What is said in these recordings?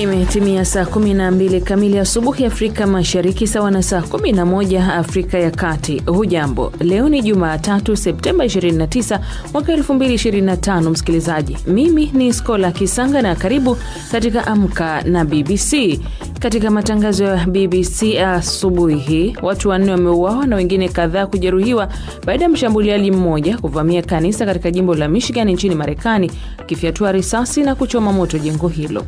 Imetimia saa 12 kamili asubuhi Afrika Mashariki, sawa na saa 11 Afrika ya Kati. Hujambo, leo ni Jumatatu Septemba 29 mwaka 2025. Msikilizaji, mimi ni Skola Kisanga na karibu katika Amka na BBC. Katika matangazo ya BBC asubuhi hii, watu wanne wameuawa na wengine kadhaa kujeruhiwa baada ya mshambuliaji mmoja kuvamia kanisa katika jimbo la Michigan nchini Marekani, akifyatua risasi na kuchoma moto jengo hilo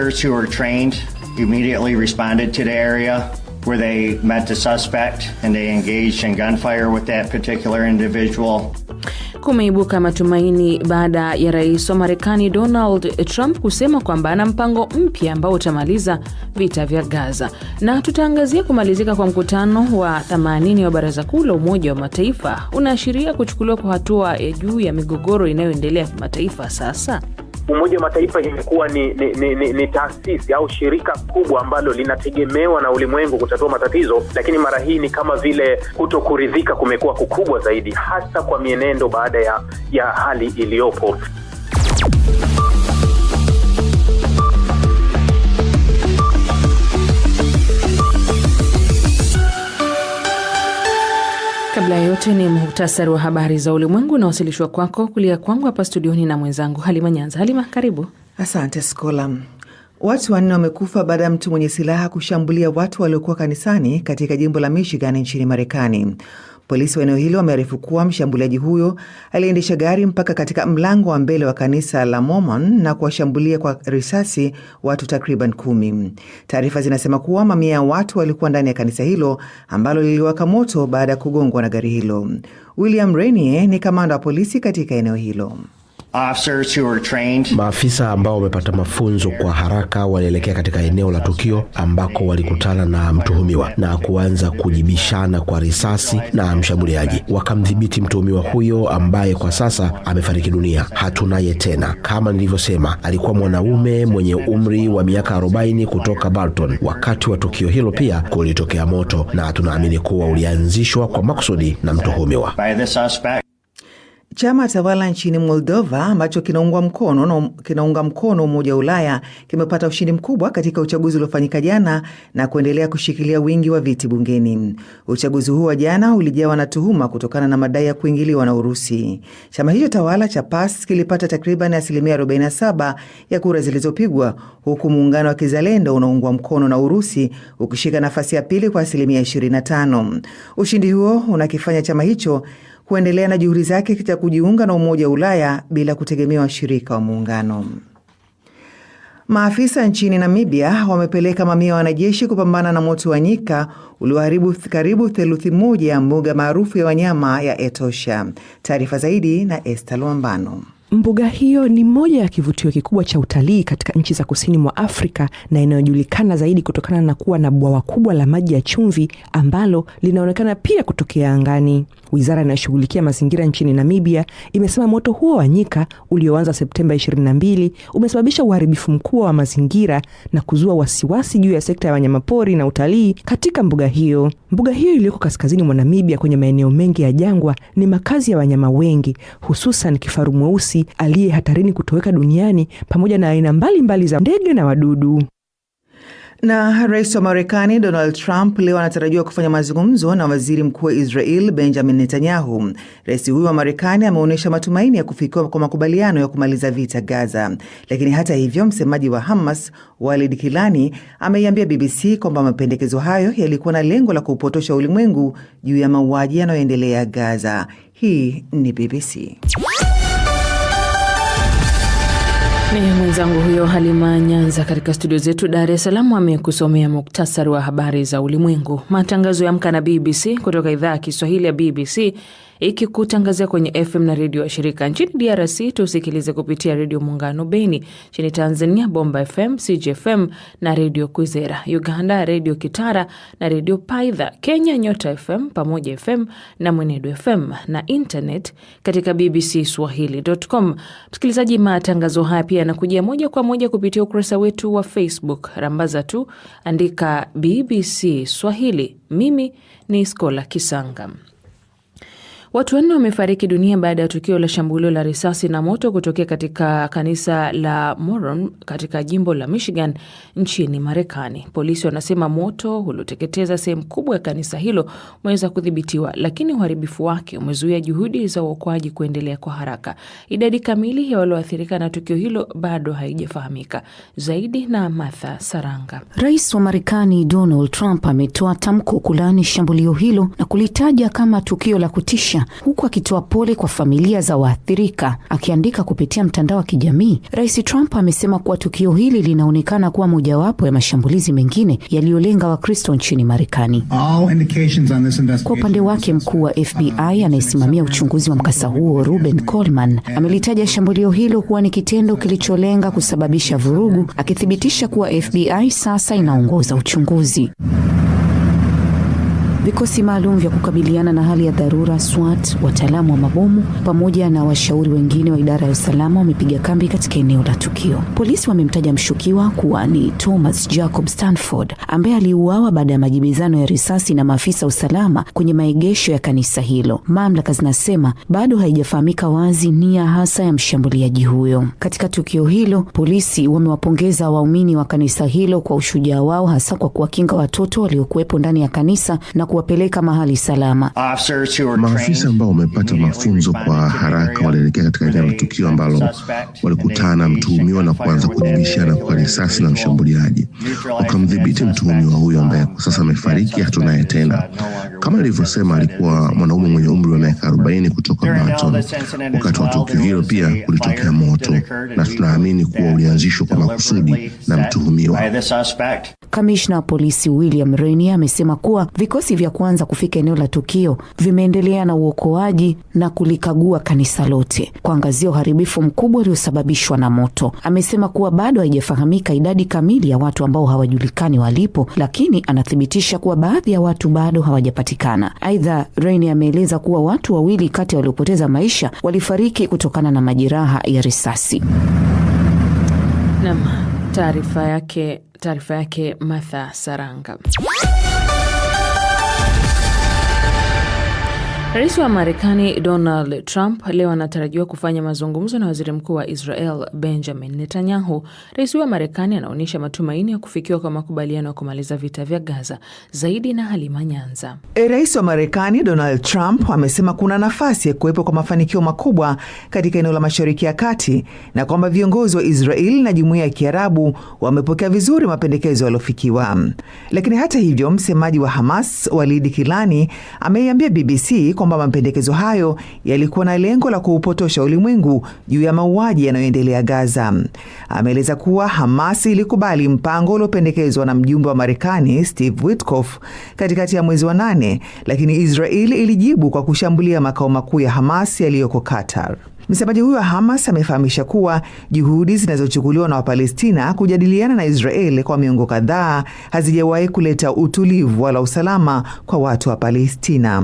officers who were trained immediately responded to the area where they met the suspect and they engaged in gunfire with that particular individual. Kumeibuka matumaini baada ya rais wa Marekani Donald Trump kusema kwamba ana mpango mpya ambao utamaliza vita vya Gaza, na tutaangazia kumalizika kwa mkutano wa 80 wa Baraza Kuu la Umoja wa Mataifa. Unaashiria kuchukuliwa kwa hatua ya juu ya migogoro inayoendelea kimataifa sasa Umoja wa Mataifa imekuwa ni, ni, ni, ni, ni taasisi au shirika kubwa ambalo linategemewa na ulimwengu kutatua matatizo, lakini mara hii ni kama vile kuto kuridhika kumekuwa kukubwa zaidi, hasa kwa mienendo baada ya, ya hali iliyopo. Kabla ya yote ni muhtasari wa habari za ulimwengu unawasilishwa kwako kulia kwangu hapa studioni na mwenzangu Halima Nyanza. Halima, karibu. Asante Skola. Watu wanne wamekufa baada ya mtu mwenye silaha kushambulia watu waliokuwa kanisani katika jimbo la Michigan nchini Marekani. Polisi wa eneo hilo wamearifu kuwa mshambuliaji huyo aliendesha gari mpaka katika mlango wa mbele wa kanisa la Mormon na kuwashambulia kwa risasi watu takriban kumi. Taarifa zinasema kuwa mamia ya watu walikuwa ndani ya kanisa hilo ambalo liliwaka moto baada ya kugongwa na gari hilo. William Renie ni kamanda wa polisi katika eneo hilo. Maafisa ambao wamepata mafunzo kwa haraka walielekea katika eneo la tukio ambako walikutana na mtuhumiwa na kuanza kujibishana kwa risasi na mshambuliaji. Wakamdhibiti mtuhumiwa huyo ambaye kwa sasa amefariki dunia, hatunaye tena. Kama nilivyosema, alikuwa mwanaume mwenye umri wa miaka 40 kutoka Barton. Wakati wa tukio hilo pia kulitokea moto na tunaamini kuwa ulianzishwa kwa makusudi na mtuhumiwa. Chama tawala nchini Moldova ambacho kinaunga mkono, no, um, kinaunga mkono Umoja wa Ulaya kimepata ushindi mkubwa katika uchaguzi uliofanyika jana na kuendelea kushikilia wingi wa viti bungeni. Uchaguzi huo wa jana ulijawa na tuhuma kutokana na madai ya kuingiliwa na Urusi. Chama hicho tawala cha PAS kilipata takriban asilimia 47 ya kura zilizopigwa, huku muungano wa kizalendo unaungwa mkono na Urusi ukishika nafasi ya pili kwa asilimia 25. Ushindi huo unakifanya chama hicho kuendelea na juhudi zake za kujiunga na Umoja wa Ulaya bila kutegemea washirika wa muungano. Maafisa nchini Namibia wamepeleka mamia wanajeshi kupambana na moto wa nyika ulioharibu karibu theluthi moja ya mbuga maarufu ya wanyama ya Etosha. Taarifa zaidi na Esther Luambano. Mbuga hiyo ni moja ya kivutio kikubwa cha utalii katika nchi za kusini mwa Afrika na inayojulikana zaidi kutokana na kuwa na bwawa kubwa la maji ya chumvi ambalo linaonekana pia kutokea angani. Wizara inayoshughulikia mazingira nchini Namibia imesema moto huo wa nyika ulioanza Septemba 22 umesababisha uharibifu mkubwa wa mazingira na kuzua wasiwasi juu ya sekta ya wanyamapori na utalii katika mbuga hiyo. Mbuga hiyo iliyoko kaskazini mwa Namibia kwenye maeneo mengi ya jangwa ni makazi ya wanyama wengi, hususan kifaru mweusi fisi aliye hatarini kutoweka duniani pamoja na aina mbalimbali za ndege na wadudu. Na rais wa Marekani Donald Trump leo anatarajiwa kufanya mazungumzo na waziri mkuu wa Israel Benjamin Netanyahu. Rais huyo wa Marekani ameonyesha matumaini ya kufikiwa kwa makubaliano ya kumaliza vita Gaza, lakini hata hivyo, msemaji wa Hamas Walid Kilani ameiambia BBC kwamba mapendekezo hayo yalikuwa na lengo la kuupotosha ulimwengu juu ya mauaji yanayoendelea Gaza. Hii ni BBC. Ni mwenzangu huyo Halima Nyanza katika studio zetu Dar es Salaam amekusomea muktasari wa habari za ulimwengu. Matangazo ya Amka na BBC kutoka idhaa ya Kiswahili ya BBC ikikutangazia kwenye FM na redio wa shirika. Nchini DRC tusikilize kupitia Redio Muungano Beni, nchini Tanzania Bomba FM, CJFM na Redio Kwizera, Uganda Redio Kitara na Redio Paidha, Kenya Nyota FM, Pamoja FM na Mwenedu FM na internet katika BBC Swahili.com. Msikilizaji, matangazo haya pia yanakujia moja kwa moja kupitia ukurasa wetu wa Facebook, rambaza tu andika BBC Swahili. Mimi ni Skola Kisanga. Watu wanne wamefariki dunia baada ya tukio la shambulio la risasi na moto kutokea katika kanisa la Moron katika jimbo la Michigan nchini Marekani. Polisi wanasema moto ulioteketeza sehemu kubwa ya kanisa hilo umeweza kudhibitiwa, lakini uharibifu wake umezuia juhudi za uokoaji kuendelea kwa haraka. Idadi kamili ya walioathirika na tukio hilo bado haijafahamika. Zaidi na Martha Saranga. Rais wa Marekani Donald Trump ametoa tamko kulaani shambulio hilo na kulitaja kama tukio la kutisha Tanzania, huku akitoa pole kwa familia za waathirika. Akiandika kupitia mtandao wa kijamii, Rais Trump amesema kuwa tukio hili linaonekana kuwa mojawapo ya mashambulizi mengine yaliyolenga Wakristo nchini Marekani. Kwa upande wake, mkuu wa FBI uh, uh, anayesimamia uchunguzi wa mkasa huo Ruben Coleman amelitaja shambulio hilo kuwa ni kitendo kilicholenga kusababisha vurugu, akithibitisha kuwa FBI sasa inaongoza uchunguzi. Vikosi maalum vya kukabiliana na hali ya dharura SWAT, wataalamu wa mabomu pamoja na washauri wengine wa idara ya usalama wamepiga kambi katika eneo la tukio. Polisi wamemtaja mshukiwa kuwa ni Thomas Jacob Stanford ambaye aliuawa baada ya majibizano ya risasi na maafisa usalama kwenye maegesho ya kanisa hilo. Mamlaka zinasema bado haijafahamika wazi nia hasa ya mshambuliaji huyo. Katika tukio hilo, polisi wamewapongeza waumini wa kanisa hilo kwa ushujaa wao, hasa kwa kuwakinga watoto waliokuwepo ndani ya kanisa na kuwapeleka mahali salama. Maafisa ambao wamepata mafunzo kwa haraka walielekea katika eneo la tukio ambalo walikutana mtuhumiwa na kuanza kujibishana kwa risasi na mshambuliaji, wakamdhibiti mtuhumiwa huyo ambaye kwa sasa amefariki, hatunaye tena. Kama ilivyosema alikuwa mwanaume mwenye umri wa miaka arobaini kutoka Baton. Wakati wa tukio hilo pia kulitokea moto, na tunaamini kuwa ulianzishwa kwa makusudi na mtuhumiwa. Kamishna wa polisi William Reni amesema kuwa vikosi vya kwanza kufika eneo la tukio vimeendelea na uokoaji na kulikagua kanisa lote kuangazia uharibifu mkubwa uliosababishwa na moto. Amesema kuwa bado haijafahamika idadi kamili ya watu ambao hawajulikani walipo, lakini anathibitisha kuwa baadhi ya watu bado hawajapatikana. Aidha, Reni ameeleza kuwa watu wawili kati ya waliopoteza maisha walifariki kutokana na majeraha ya risasi. Nama. Taarifa yake, taarifa yake Martha Saranga. Rais wa Marekani Donald Trump leo anatarajiwa kufanya mazungumzo na waziri mkuu wa Israel Benjamin Netanyahu. Rais huyo wa Marekani anaonyesha matumaini ya kufikiwa kwa makubaliano ya kumaliza vita vya Gaza. Zaidi na Halima Nyanza. E, rais wa Marekani Donald Trump amesema kuna nafasi ya kuwepo kwa mafanikio makubwa katika eneo la Mashariki ya Kati na kwamba viongozi wa Israel na jumuiya ya Kiarabu wamepokea vizuri mapendekezo yaliyofikiwa. Lakini hata hivyo, msemaji wa Hamas Walidi Kilani ameiambia BBC kwamba mapendekezo hayo yalikuwa na lengo la kuupotosha ulimwengu juu ya mauaji yanayoendelea Gaza. Ameeleza kuwa Hamas ilikubali mpango uliopendekezwa na mjumbe wa Marekani Steve Witkoff katikati ya mwezi wa nane, lakini Israeli ilijibu kwa kushambulia makao makuu ya Hamas yaliyoko Qatar. Msemaji huyo wa Hamas amefahamisha kuwa juhudi zinazochukuliwa na Wapalestina kujadiliana na Israel kwa miongo kadhaa hazijawahi kuleta utulivu wala usalama kwa watu wa Palestina.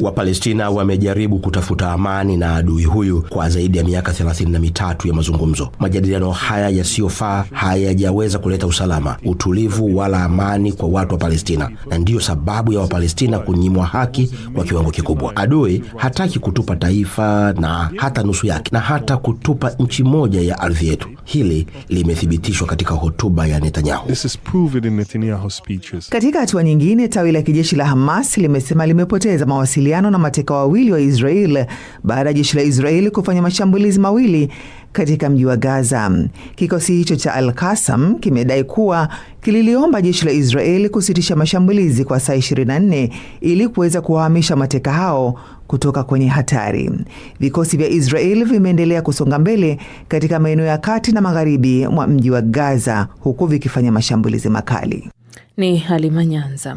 Wapalestina wamejaribu kutafuta amani na adui huyu kwa zaidi ya miaka thelathini na mitatu ya mazungumzo. Majadiliano haya yasiyofaa hayajaweza kuleta usalama, utulivu wala amani kwa watu wa Palestina, na ndiyo sababu ya Wapalestina kunyimwa haki kwa kiwango kikubwa. Adui hataki kutupa taifa na hata nusu yake na hata kutupa nchi moja ya ardhi yetu. Hili limethibitishwa katika hotuba ya Netanyahu. Katika hatua nyingine, tawi la kijeshi la Hamas limesema limepoteza mawasiliano na mateka wawili wa Israel baada ya jeshi la Israeli kufanya mashambulizi mawili katika mji wa Gaza. Kikosi hicho cha al Kasam kimedai kuwa kililiomba jeshi la Israeli kusitisha mashambulizi kwa saa 24 ili kuweza kuwahamisha mateka hao kutoka kwenye hatari. Vikosi vya Israel vimeendelea kusonga mbele katika maeneo ya kati na magharibi mwa mji wa Gaza huku vikifanya mashambulizi makali. Ni Halima Nyanza.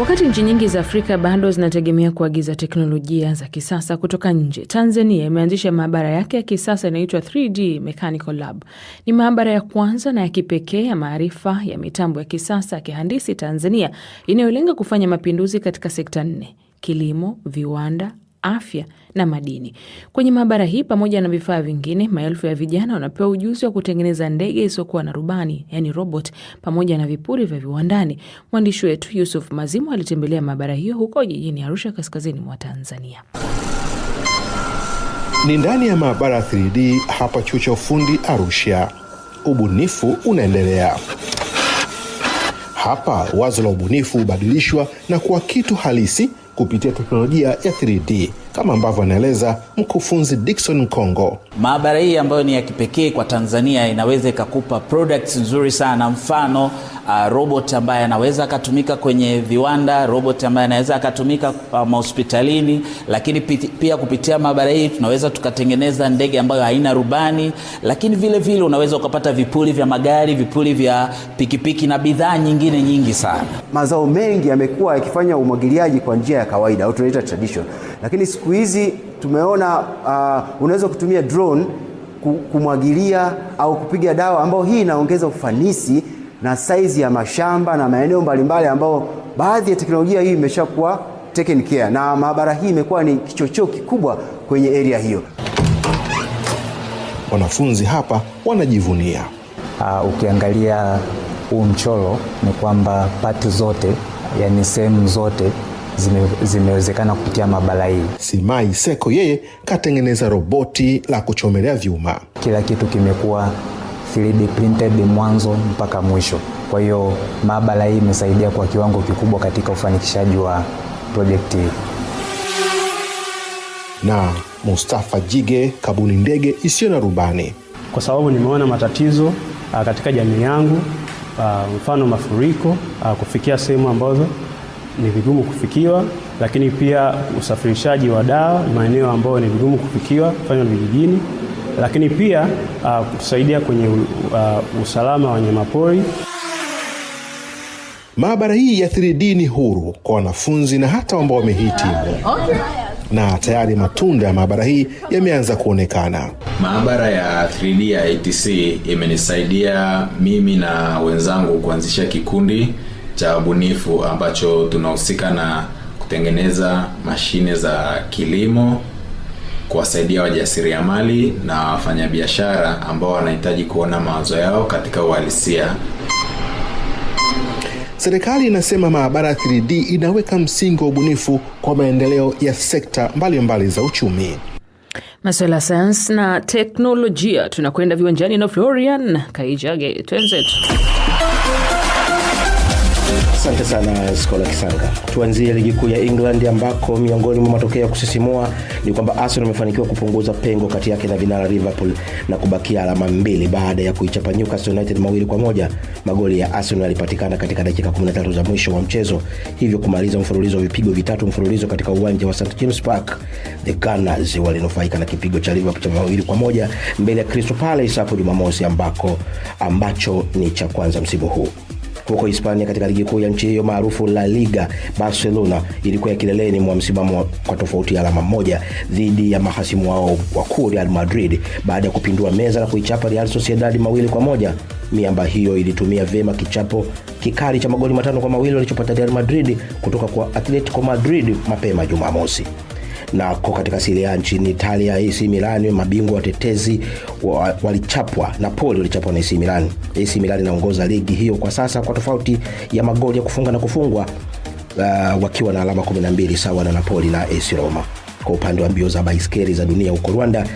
Wakati nchi nyingi za Afrika bado zinategemea kuagiza teknolojia za kisasa kutoka nje, Tanzania imeanzisha maabara yake ya kisasa inaitwa 3D Mechanical Lab. Ni maabara ya kwanza na ya kipekee ya maarifa ya mitambo ya kisasa ya kihandisi Tanzania, inayolenga kufanya mapinduzi katika sekta nne: kilimo, viwanda, afya na madini. Kwenye maabara hii pamoja na vifaa vingine, maelfu ya vijana wanapewa ujuzi wa kutengeneza ndege isiyokuwa na rubani, yani robot, pamoja na vipuri vya viwandani. Mwandishi wetu Yusuf Mazimu alitembelea maabara hiyo huko jijini Arusha, kaskazini mwa Tanzania. Ni ndani ya maabara 3D hapa chuo cha ufundi Arusha. Ubunifu unaendelea hapa. Wazo la ubunifu hubadilishwa na kuwa kitu halisi kupitia teknolojia ya 3D kama ambavyo anaeleza mkufunzi dikson Kongo. Maabara hii ambayo ni ya kipekee kwa Tanzania inaweza ikakupa products nzuri sana, mfano uh, robot ambaye anaweza akatumika kwenye viwanda, robot ambaye anaweza akatumika uh, mahospitalini, um, lakini pia kupitia maabara hii tunaweza tukatengeneza ndege ambayo haina rubani, lakini vile vile unaweza ukapata vipuli vya magari, vipuli vya pikipiki na bidhaa nyingine nyingi sana. Mazao mengi yamekuwa yakifanya umwagiliaji kwa njia ya kawaida au tunaita tradition, lakini siku siku hizi tumeona uh, unaweza kutumia drone kumwagilia au kupiga dawa, ambayo hii inaongeza ufanisi na saizi ya mashamba na maeneo mbalimbali, ambao baadhi ya teknolojia hii imeshakuwa taken care, na maabara hii imekuwa ni kichocheo kikubwa kwenye area hiyo. Wanafunzi hapa wanajivunia. Uh, ukiangalia huu mchoro ni kwamba pati zote, yani sehemu zote zimewezekana zime kupitia maabara hii. Simai Seko yeye katengeneza roboti la kuchomelea vyuma. Kila kitu kimekuwa 3D printed mwanzo mpaka mwisho. Kwa hiyo maabara hii imesaidia kwa kiwango kikubwa katika ufanikishaji wa projekti hii. Na Mustafa Jige kabuni ndege isiyo na rubani. Kwa sababu nimeona matatizo ah, katika jamii yangu, ah, mfano mafuriko, ah, kufikia sehemu ambazo ni vigumu kufikiwa, lakini pia usafirishaji wa dawa maeneo ambayo ni vigumu kufikiwa kufanywa vijijini, lakini pia uh, kutusaidia kwenye uh, usalama wa wanyamapori. Maabara hii ya 3D ni huru kwa wanafunzi na hata ambao wamehitimu, na tayari matunda ya maabara hii yameanza kuonekana. Maabara ya 3D ya ATC imenisaidia mimi na wenzangu kuanzisha kikundi cha ubunifu ambacho tunahusika na kutengeneza mashine za kilimo, kuwasaidia wajasiriamali na wafanyabiashara ambao wanahitaji kuona mawazo yao katika uhalisia. Serikali inasema maabara 3D inaweka msingi wa ubunifu kwa maendeleo ya sekta mbalimbali mbali za uchumi. Masuala ya sayansi na teknolojia, tunakwenda viwanjani na Florian Kaijage, twenzetu. Asante sana Skola Kisanga. Tuanzie ligi kuu ya England ambako miongoni mwa matokeo ya kusisimua ni kwamba Arsenal imefanikiwa kupunguza pengo kati yake na vinara Liverpool na kubakia alama mbili baada ya kuichapa Newcastle United mawili kwa moja. Magoli ya Arsenal yalipatikana katika dakika 13 za mwisho wa mchezo, hivyo kumaliza mfululizo wa vipigo vitatu mfululizo katika uwanja wa St James Park. The Gunners walinufaika na kipigo cha Liverpool cha mawili kwa moja mbele ya Crystal Palace hapo Jumamosi ambako ambacho ni cha kwanza msimu huu huko Hispania katika ligi kuu ya nchi hiyo maarufu La Liga, Barcelona ilikuwa ya kileleni mwa msimamo kwa tofauti ya alama moja dhidi ya mahasimu wao wakuu Real Madrid baada ya kupindua meza na kuichapa Real Sociedad mawili kwa moja. Miamba hiyo ilitumia vyema kichapo kikali cha magoli matano kwa mawili walichopata Real Madrid kutoka kwa Atletico Madrid mapema Jumamosi nako katika Serie nchini Italia, AC Milan mabingwa watetezi walichapwa, Napoli walichapwa na AC Milan. AC Milan inaongoza ligi hiyo kwa sasa kwa tofauti ya magoli ya kufunga na kufungwa, uh, wakiwa na alama 12 sawa na Napoli na AC Roma. Kwa upande wa mbio za baiskeli za dunia huko Rwanda,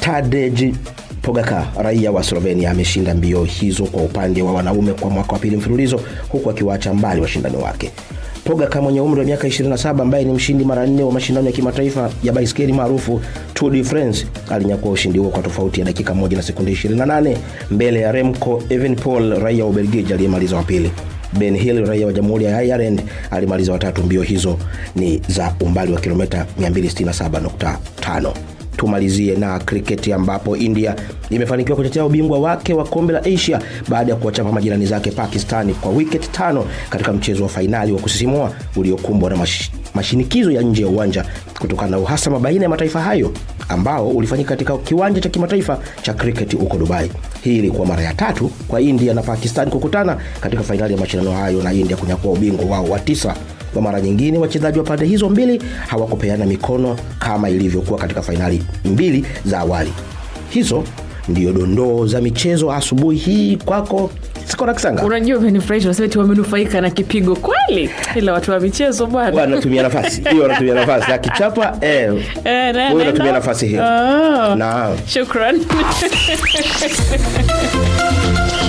Tadej Pogaka raia wa Slovenia ameshinda mbio hizo kwa upande wa wanaume kwa mwaka wa pili mfululizo huku akiwaacha mbali washindani wake. Pogacar mwenye umri wa miaka 27 ambaye ni mshindi mara nne wa mashindano ya kimataifa ya baiskeli maarufu Tour de France alinyakua ushindi huo kwa tofauti ya dakika 1 na sekunde 28 mbele ya Remco Evenepoel raia wa Ubelgiji aliyemaliza wa pili. Ben Hill raia wa Jamhuri ya Ireland alimaliza watatu. Mbio hizo ni za umbali wa kilomita 267.5. Tumalizie na kriketi ambapo India imefanikiwa kutetea ubingwa wake wa kombe la Asia baada ya kuwachapa majirani zake Pakistani kwa wiket tano katika mchezo wa fainali wa kusisimua uliokumbwa na mash, mashinikizo ya nje ya uwanja kutokana na uhasama baina ya mataifa hayo ambao ulifanyika katika kiwanja cha kimataifa cha kriketi huko Dubai. Hii ilikuwa mara ya tatu kwa India na Pakistan kukutana katika fainali ya mashindano hayo na India kunyakua ubingwa wao wa tisa. Kwa mara nyingine, wachezaji wa pande hizo mbili hawakupeana mikono kama ilivyokuwa katika fainali mbili za awali. Hizo ndiyo dondoo za michezo asubuhi hii kwako. Unajua, umenifurahisha, wamenufaika na kipigo kweli, ila watu wa michezo bwana wanatumia nafasi hiyo, wanatumia nafasi akichapa, eh, eh nafasi hiyo. Oh. na. shukran